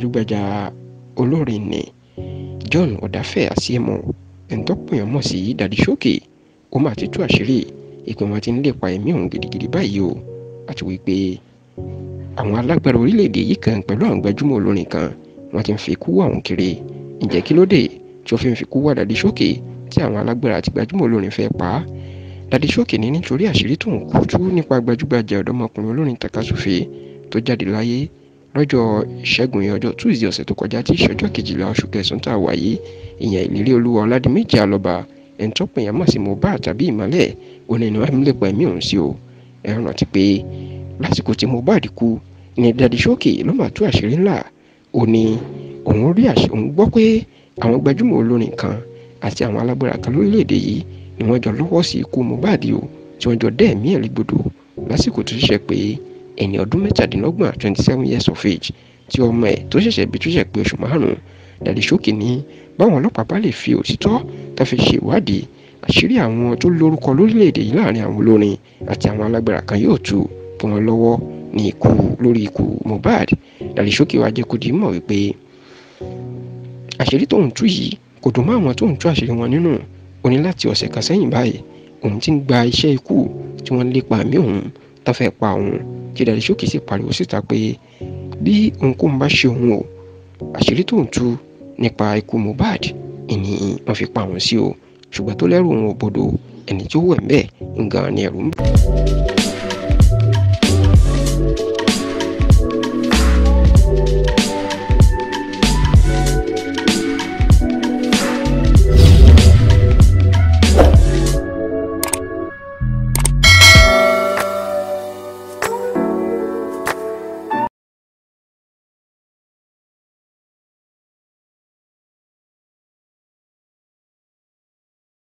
gbajúgbajà olórin ni John Ọ̀dáfẹ́ Àsíẹ̀mọ́ ẹni tó pèèyàn mọ̀ sí Daddy Showkey ó mà ti tú àṣírí ìpinnu àti nílépa ẹ̀mí òun gidigidi báyìí o àti wípé àwọn alágbára orílẹ̀-èdè yìí kan pẹ̀lú àwọn gbajúmọ̀ olórin kan wọ́n ti ń fi ikú wá òun kiri ǹjẹ́ kí ló dé tí ó fi ń fi ikú wá Daddy Showkey tí àwọn alágbára àti gbajúmọ̀ olórin fẹ́ pa á Daddy Showkey nítorí àṣírí tó ń kú tú nípa gbajúgbajà ọ̀dọ́mọkùnrin olórin takasúfèé tó jáde láyé lọ́jọ́ ìṣẹ́gun yẹn ọjọ́ tuesday ọ̀sẹ̀ tó kọjá tí ìṣọjọ́ kejìlá oṣù kẹsàn-án tá a wà yìí ìyẹn ìlérí olúwa ọ̀làdìmẹ́jì àlọ́ba ẹni tó pè yàn má sí Mohbad ìmọ̀lẹ̀ òní ni wọ́n lè ẹ̀mí òun sí o ẹ rántí pé lásìkò tí Mohbad kú ní Daddy Showkey ló máa tú àṣírí ńlá òní òun rí àṣírí òun gbọ́ pé àwọn gbajúmọ̀ olórin ni wọ́n jọ lọ́wọ́ sí ikú Mohbad o tí wọ́n jọ dẹ́ẹ̀mí ẹ̀ légbodò ẹni ọdún mẹ́tàdínlọ́gbọ̀n twenty seven years of age tí ọmọ ẹ̀ tó ṣẹ̀ṣẹ̀ bí tó ṣẹ̀ pé oṣù márùn-ún Dàdí Ṣókí ní báwọn ọlọ́pàá bá lè fi òtítọ́ tá fi ṣe ìwádìí àṣírí àwọn tó lórúkọ lórílẹ̀‐èdè yìí láàrin àwọn olórin àti àwọn alágbára kan yóò tú bọ́ wọn lọ́wọ́ ní ikú lórí ikú Mohbad Dàdí Ṣókí wá jẹ́ kó di mọ̀ wípé àṣírí tóun tú yìí kò dùn mọ́ àwọn tóun tú àṣírí wọn nínú ó ní láti ọ̀sẹ̀ kan sẹ́yìn báyìí òun ti ń gba iṣẹ́ ikú tí wọ́n lépa àmì òun tó fẹ́ pa òun Jìdáde Ṣókí sì pariwo síta pé bí ohunkóhun bá ṣe òun o àṣírí tó ń tú nípa ikú Mohbad ìní wọn fi pa òun sí o ṣùgbọ́n tó lẹ́rù òun ò bodò ẹni tí ó wẹ̀ ń ń gan ni ẹ̀rù ń bà.